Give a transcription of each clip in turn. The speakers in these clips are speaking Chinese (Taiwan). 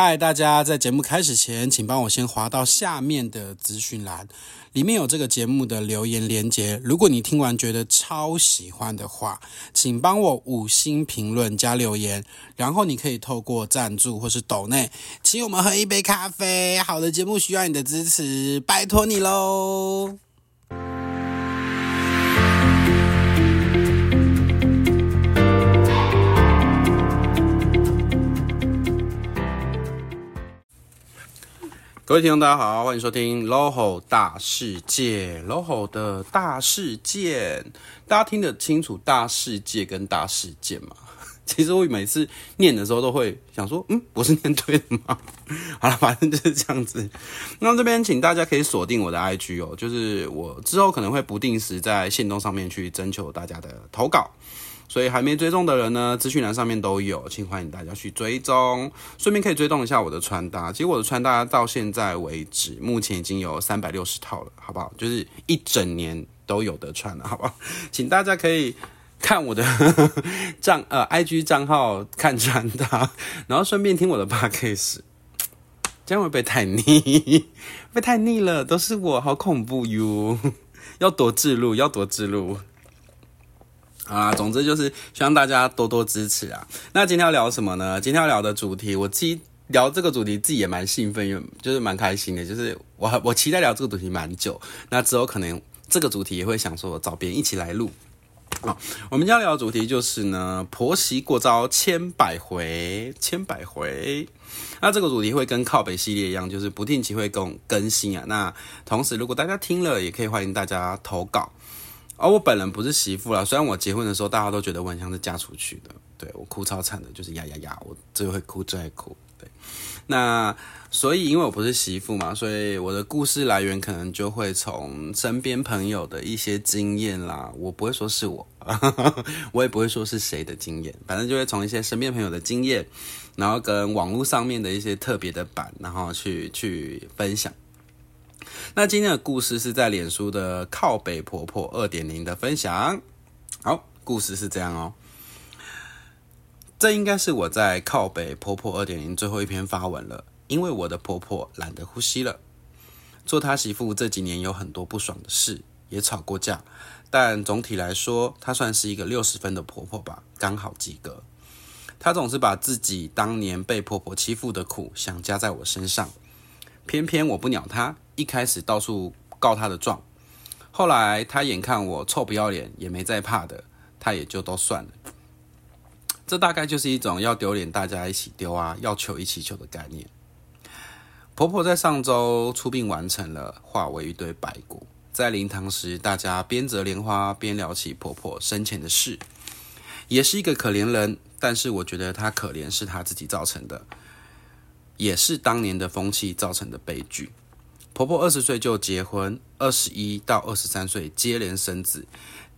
嗨，大家在節目開始前，請幫我先滑到下面的資訊欄，裡面有這個節目的留言鏈接。如果你聽完覺得超喜歡的話，請幫我五星評論加留言，然後你可以透過贊助或是抖內請我們喝一杯咖啡。好的節目需要你的支持，拜託你嘍。各位聽眾，大家好，歡迎收聽 LoHo 大世界，LoHo 的大事件。大家聽得清楚“大世界”跟“大事件”嗎？其實我每次念的時候，都會想說，嗯，我是念對了嗎？好啦，反正就是這樣子。那這邊，請大家可以鎖定我的 IG 哦、喔，就是我之後可能會不定時在限動上面去徵求大家的投稿。所以還沒追蹤的人呢，資訊欄上面都有，請歡迎大家去追蹤。順便可以追蹤一下我的穿搭，其實我的穿搭到現在為止，目前已經有三百六十套了，好不好？就是一整年都有得穿了，好不好？請大家可以看我的賬， 呃，IG 賬號看穿搭，然後順便聽我的 podcast，這樣會不會太膩？會太膩了，都是我，好恐怖喲！要多自錄，要多自錄。啊，總之就是希望大家多多支持啊。那今天要聊什麼呢？今天要聊的主題，我自己聊這個主題自己也蠻興奮，也就是蠻開心的。就是我我期待聊這個主題蠻久，那之後可能這個主題也會想說我找別人一起來錄啊。我們今天要聊的主題就是呢，婆媳過招千百回，千百回。那這個主題會跟靠北系列一樣，就是不定期會更更新啊。那同時如果大家聽了，也可以歡迎大家投稿。而、哦、我本人不是媳婦啦，雖然我結婚的時候，大家都覺得我很像是嫁出去的，對我哭超慘的，就是呀呀呀，我最會哭，最愛哭。對，那所以因為我不是媳婦嘛，所以我的故事來源可能就會從身邊朋友的一些經驗啦，我不會說是我， 我也不會說是誰的經驗，反正就會從一些身邊朋友的經驗，然後跟網絡上面的一些特別的版，然後去去分享。那今天的故事是在臉書的“靠北婆婆二點零”的分享。好，故事是這樣哦。這應該是我在“靠北婆婆二點零”最後一篇發文了，因為我的婆婆懶得呼吸了。做她媳婦這幾年有很多不爽的事，也吵過架，但總體來說，她算是一個六十分的婆婆吧，剛好及格。她總是把自己當年被婆婆欺負的苦想加在我身上。偏偏我不鳥他，一開始到處告他的狀，後來他眼看我臭不要臉，也沒再怕的，他也就都算了。這大概就是一種要丟臉大家一起丟啊，要糗一起糗的概念。婆婆在上周出殯完成了，化為一堆白骨。在靈堂時，大家邊折蓮花邊聊起婆婆生前的事，也是一個可憐人，但是我覺得她可憐是她自己造成的。也是當年的風氣造成的悲劇。婆婆二十歲就結婚，二十一到二十三歲接連生子，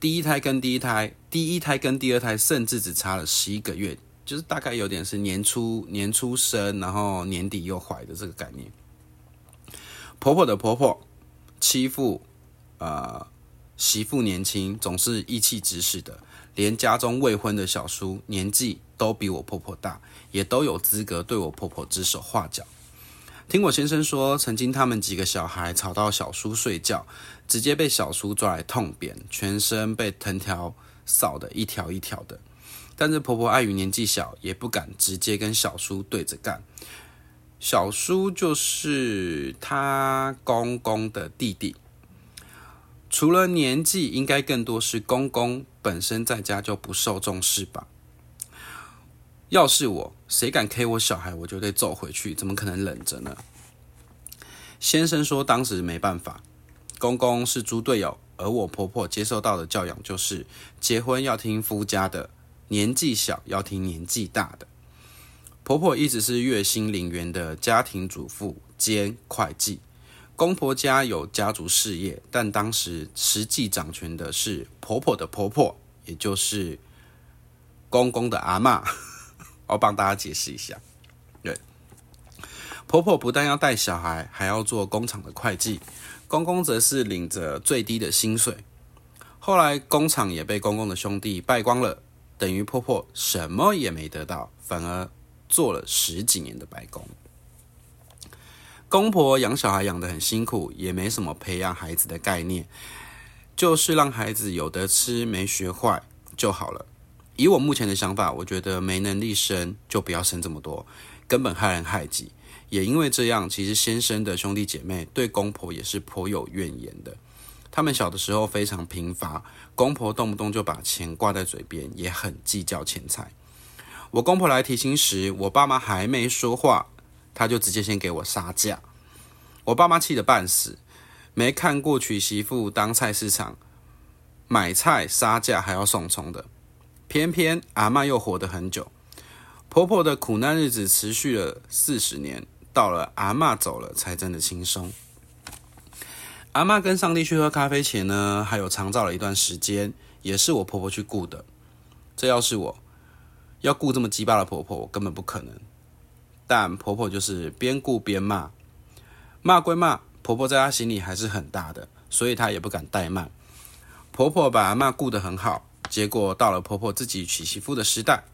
第一胎跟第一胎，第一胎跟第二胎，甚至只差了十一個月，就是大概有點是年初年初生，然後年底又懷的這個概念。婆婆的婆婆欺負，呃。媳婦年輕，總是頤指氣使的，連家中未婚的小叔年紀都比我婆婆大，也都有資格對我婆婆指手畫腳。聽我先生說，曾經他們幾個小孩吵到小叔睡覺，直接被小叔抓來痛扁，全身被藤條掃的一條一條的。但是婆婆礙於年紀小，也不敢直接跟小叔對着幹。小叔就是他公公的弟弟。除了年紀，應該更多是公公本身在家就不受重視吧？要是我，誰敢 k 我小孩，我就得揍回去，怎麼可能忍着呢？先生說當時沒辦法，公公是豬隊友，而我婆婆接受到的教養就是結婚要聽夫家的，年紀小要聽年紀大的。婆婆一直是月薪零元的家庭主婦兼會計。公婆家有家族事業，但當時實際掌權的是婆婆的婆婆，也就是公公的阿嬤。 我幫大家解釋一下：對，婆婆不但要帶小孩，還要做工廠的會計，公公則是領着最低的薪水。後來工廠也被公公的兄弟敗光了，等於婆婆什麼也沒得到，反而做了十幾年的白工。公婆養小孩養得很辛苦，也沒什麼培養孩子的概念，就是讓孩子有得吃，沒學壞就好了。以我目前的想法，我覺得沒能力生就不要生這麼多，根本害人害己。也因為這樣，其實先生的兄弟姐妹對公婆也是頗有怨言的。他們小的時候非常貧乏，公婆動不動就把錢掛在嘴邊，也很計較錢財。我公婆來提親時，我爸媽還沒說話。他就直接先給我殺價，我爸媽氣得半死，沒看過娶媳婦當菜市場買菜殺價還要送蔥的，偏偏阿嬤又活得很久，婆婆的苦難日子持續了四十年，到了阿嬤走了才真的輕鬆。阿嬤跟上帝去喝咖啡前呢，還有長照了一段時間，也是我婆婆去僱的，這要是我要僱這麼雞巴的婆婆，我根本不可能。但婆婆就是邊顧邊罵，罵歸罵，婆婆在她心裡還是很大的，所以她也不敢怠慢。婆婆把阿媽顧得很好，結果到了婆婆自己娶媳婦的時代，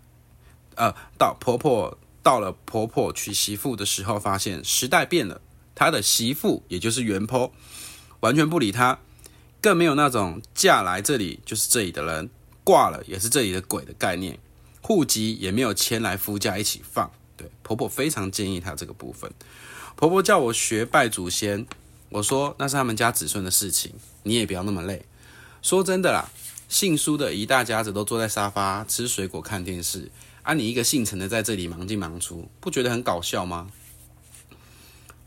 呃，到婆婆到了婆婆娶媳婦的時候，發現時代變了，她的媳婦也就是原 PO，完全不理她，更沒有那種嫁來這裡就是這裡的人，掛了也是這裡的鬼的概念，戶籍也沒有遷來夫家一起放。對婆婆非常建議她這個部分，婆婆叫我學拜祖先，我說那是他們家子孫的事情，你也不要那麼累。說真的啦，姓蘇的一大家子都坐在沙發吃水果看電視，啊，你一個姓陳的在這裡忙進忙出，不覺得很搞笑嗎？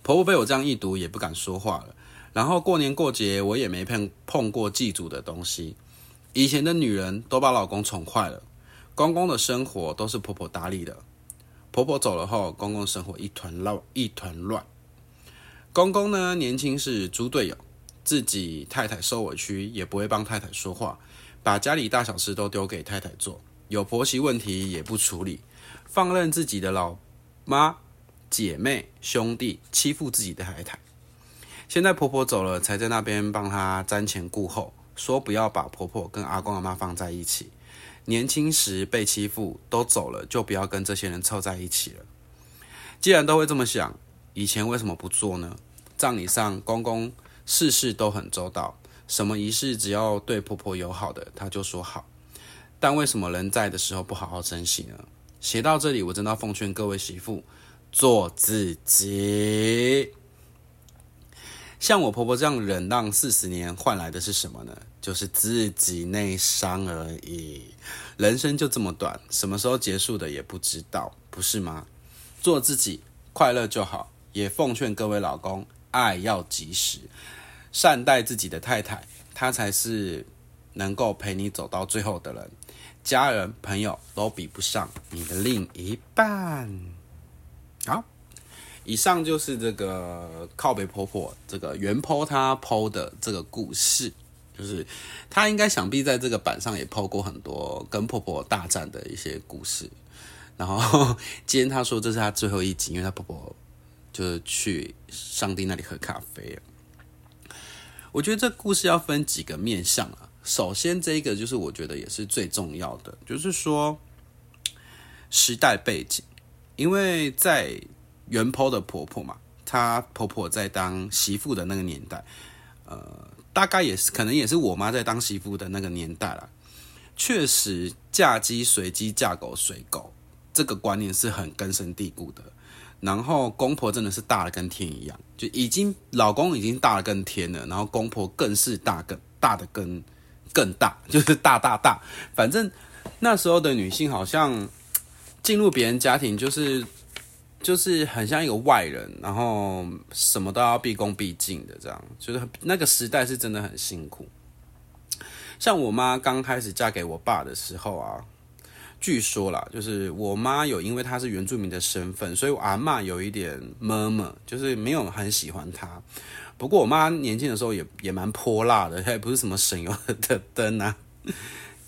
婆婆被我這樣一讀也不敢說話了。然後過年過節我也沒碰碰過祭祖的東西，以前的女人都把老公寵壞了，公公的生活都是婆婆打理的。婆婆走了後，公公生活一團糟。一團亂。公公呢，年輕是豬隊友，自己太太受委屈也不會幫太太說話，把家裡大小事都丟給太太做，有婆媳問題也不處理，放任自己的老媽、姐妹、兄弟欺負自己的太太。現在婆婆走了，才在那邊幫她瞻前顧後，說不要把婆婆跟阿公阿媽放在一起。年輕時被欺負，都走了就不要跟這些人湊在一起了。既然都會這麼想，以前為什麼不做呢？葬禮上公公事事都很周到，什麼儀式只要對婆婆友好的，他就說好。但為什麼人在的時候不好好珍惜呢？寫到這裡，我真的要奉勸各位媳婦做自己。像我婆婆這樣忍讓四十年，換來的是什麼呢？就是自己內傷而已，人生就這麼短，什麼時候結束的也不知道，不是嗎？做自己，快樂就好。也奉勸各位老公，愛要及時，善待自己的太太，她才是能夠陪你走到最後的人，家人朋友都比不上你的另一半。好，以上就是這個靠北婆婆，這個原 PO 她 PO 的這個故事。就是他應該想必在這個版上也 PO 過很多跟婆婆大戰的一些故事，然後今天他說這是他最後一集，因為他婆婆就是去上帝那裡喝咖啡。我覺得這故事要分幾個面向啊，首先這一個就是我覺得也是最重要的，就是說時代背景，因為在原 PO 的婆婆嘛，她婆婆在當媳婦的那個年代，呃。大概也是，可能也是我媽在當媳婦的那個年代了。確實，嫁雞隨雞，嫁狗隨狗，這個觀念是很根深蒂固的。然後公婆真的是大了跟天一樣，就已經老公已經大了跟天了，然後公婆更是大更大的更更大，就是大大大。反正那時候的女性好像進入別人家庭就是。就是很像一個外人，然後什麼都要畢恭畢敬的，這樣就是那個時代是真的很辛苦。像我媽剛開始嫁給我爸的時候啊，據說啦，就是我媽有因為她是原住民的身份，所以我阿嬤有一點媽媽，就是沒有很喜歡她。不過我媽年輕的時候也也蠻潑辣的，她也不是什麼省油的燈啊。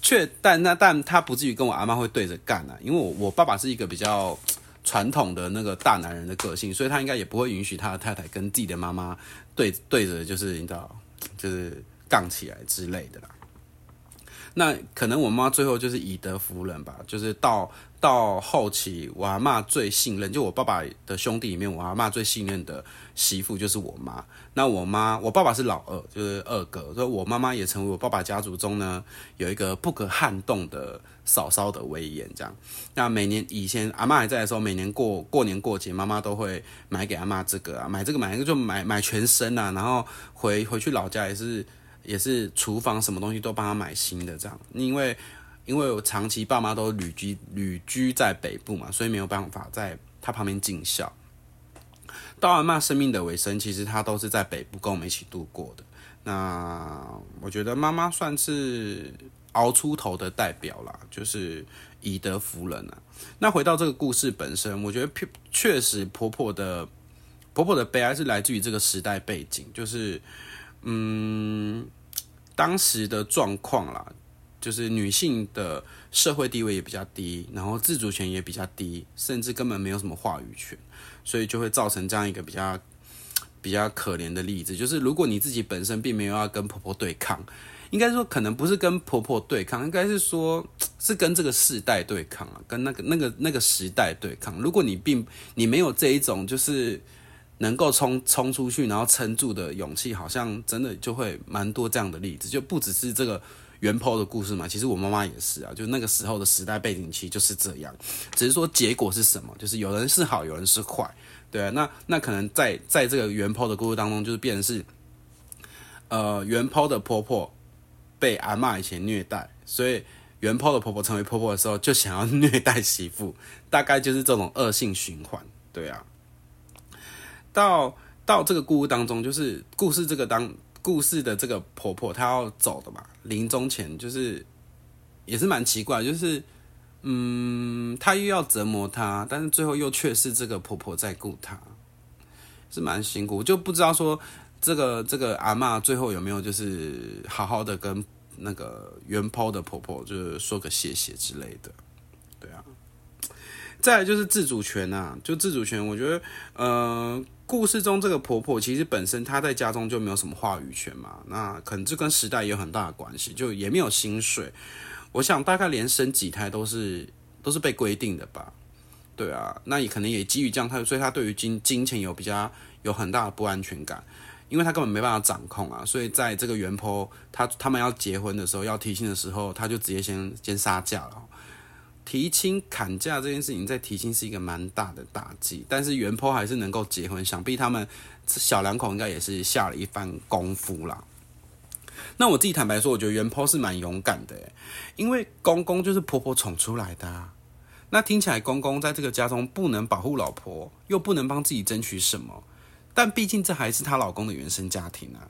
卻但那但她不至於跟我阿嬤會對着幹啊，因為我我爸爸是一個比較。傳統的那個大男人的個性，所以他應該也不會允許他的太太跟自己的媽媽對對着，就是你知道，就是槓起來之類的啦。那可能我媽最後就是以德服人吧，就是到。到後期，我阿媽最信任，就我爸爸的兄弟裡面，我阿媽最信任的媳婦就是我媽。那我媽，我爸爸是老二，就是二哥，所以，我媽媽也成為我爸爸家族中呢，有一個不可撼動的嫂嫂的威嚴這樣。那每年以前阿媽還在的時候，每年過過年過節，媽媽都會買給阿媽這個啊，買這個買那個，就買買全身啊，然後回回去老家也是也是廚房什麼東西都幫她買新的這樣，因為。因為我長期爸媽都旅居旅居在北部嘛，所以沒有辦法在他旁邊盡孝。到阿嬤生命的尾聲，其實她都是在北部跟我們一起度過的。那我覺得媽媽算是熬出頭的代表啦，就是以德服人啊。那回到這個故事本身，我覺得確實婆婆的婆婆的悲哀是來自於這個時代背景，就是嗯當時的狀況啦。就是女性的社會地位也比較低，然後自主權也比較低，甚至根本沒有什麼話語權，所以就會造成這樣一個比較比較可憐的例子。就是如果你自己本身並沒有要跟婆婆對抗，應該說可能不是跟婆婆對抗，應該是說是跟這個世代對抗啊，跟那個那個那個時代對抗。如果你並你沒有這一種就是能夠衝衝出去然後撐住的勇氣，好像真的就會蠻多這樣的例子，就不只是這個。原 PO 的故事嘛，其實我媽媽也是啊，就是那個時候的時代背景期就是這樣，只是說結果是什麼，就是有人是好，有人是壞，對啊，那那可能在在這個原 PO 的故事當中，就是變成是，呃，原 PO 的婆婆被阿嬤以前虐待，所以原 PO 的婆婆成為婆婆的時候就想要虐待媳婦，大概就是這種惡性循環，對啊，到到這個故事當中，就是故事這個當。故事的這個婆婆，她要走的嘛，臨終前就是也是蠻奇怪，就是嗯，她又要折磨她，但是最後又卻是這個婆婆在顧她，是蠻辛苦，就不知道說這個這個阿嬤最後有沒有就是好好的跟那個原 PO 的婆婆就是說個謝謝之類的，對啊。再來就是自主權啊，就自主權，我覺得，呃，故事中這個婆婆其實本身她在家中就沒有什麼話語權嘛，那可能就跟時代也有很大的關係，就也沒有薪水，我想大概連生幾胎都是都是被規定的吧，對啊，那也可能也基於這樣，她所以她對於金金錢有比較有很大的不安全感，因為她根本沒辦法掌控啊，所以在這個原 PO 她他們要結婚的時候，要提親的時候，她就直接先先殺價了。提親砍價這件事情，在提親是一個蠻大的打擊，但是原 PO 還是能夠結婚，想必他們小兩口應該也是下了一番功夫啦。那我自己坦白說，我覺得原 PO 是蠻勇敢的，因為公公就是婆婆寵出來的啊。那聽起來公公在這個家中不能保護老婆，又不能幫自己爭取什麼，但畢竟這還是她老公的原生家庭啊。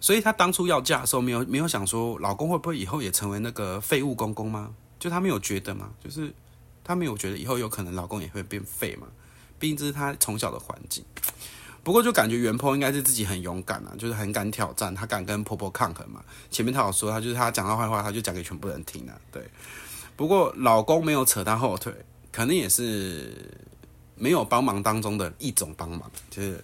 所以她當初要嫁的時候，沒有沒有想說老公會不會以後也成為那個廢物公公嗎？就她沒有覺得嘛，就是她沒有覺得以後有可能老公也會變廢嘛。畢竟這是她從小的環境。不過就感覺原 po 應該是自己很勇敢啊，就是很敢挑戰，他敢跟婆婆抗衡嘛。前面他有說他就是她講到壞話，他就講給全部人聽啊。對。不過老公沒有扯她後腿，可能也是沒有幫忙當中的一種幫忙，就是。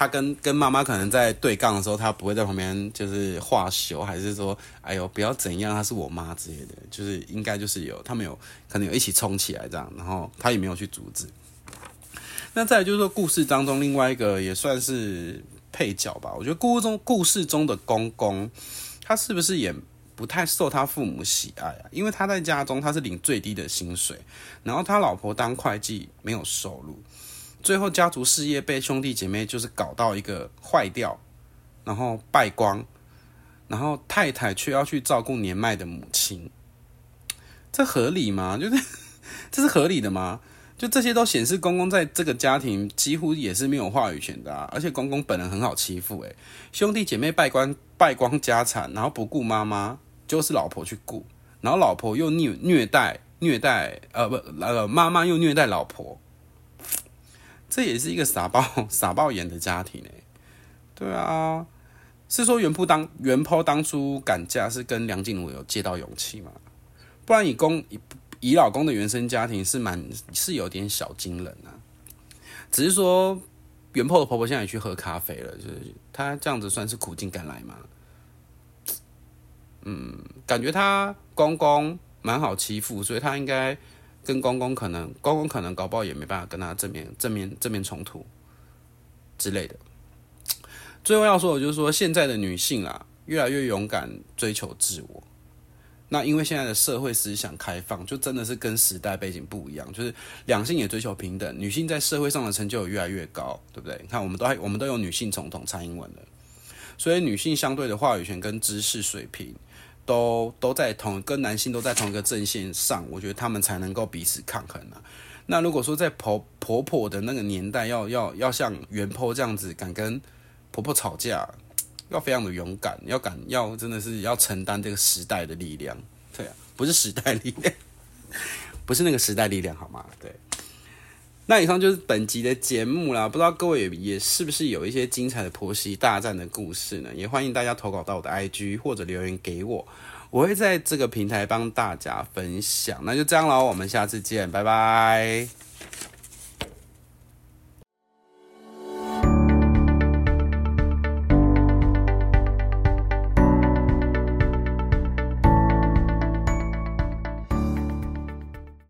他跟跟媽媽可能在對槓的時候，他不會在旁邊就是話休，還是說哎呦不要怎樣，他是我媽之類的，就是應該就是有他們有可能有一起衝起來這樣，然後他也沒有去阻止。那再來就是說故事當中另外一個也算是配角吧，我覺得故事中故事中的公公，他是不是也不太受他父母喜愛啊？因為他在家中他是領最低的薪水，然後他老婆當會計，沒有收入。最後，家族事業被兄弟姐妹就是搞到一個壞掉，然後敗光，然後太太卻要去照顧年邁的母親，這合理嗎？就是這是合理的嗎？就這些都顯示公公在這個家庭幾乎也是沒有話語權的啊！而且公公本人很好欺負，誒兄弟姐妹敗光敗光家產，然後不顧媽媽，就是老婆去顧，然後老婆又虐虐待虐待，呃不呃媽媽又虐待老婆。這也是一個傻爆傻爆眼的家庭呢。對啊，是說原 PO 當原 PO 當初敢嫁是跟梁靜茹有借到勇氣嘛？不然以公以以老公的原生家庭是蠻是有點小驚人啊，只是說原 PO 的婆婆現在也去喝咖啡了，就是她這樣子算是苦盡甘來嘛？嗯，感覺她公公蠻好欺負，所以她應該。跟公公可能，公公可能搞不好也沒辦法跟他正面、正面、正面衝突之類的。最後要說的就是說現在的女性啦、啊，越來越勇敢追求自我。那因為現在的社會思想開放，就真的是跟時代背景不一樣，就是兩性也追求平等，女性在社會上的成就越來越高，對不對？你看，我們都還，我們都有女性總統、蔡英文的，所以女性相對的話語權跟知識水平。都都在同跟男性都在同一個陣線上，我覺得他們才能夠彼此抗衡啊。那如果說在婆婆婆的那個年代要，要要要像原 PO 這樣子，敢跟婆婆吵架，要非常的勇敢，要敢要真的是要承擔這個時代的力量。對啊，不是時代力量，不是那個時代力量，好嗎？對。那以上就是本集的節目啦，不知道各位也是不是有一些精彩的婆媳大戰的故事呢？也歡迎大家投稿到我的 IG 或者留言給我，我會在這個平台幫大家分享。那就這樣嘍，我們下次見，拜拜。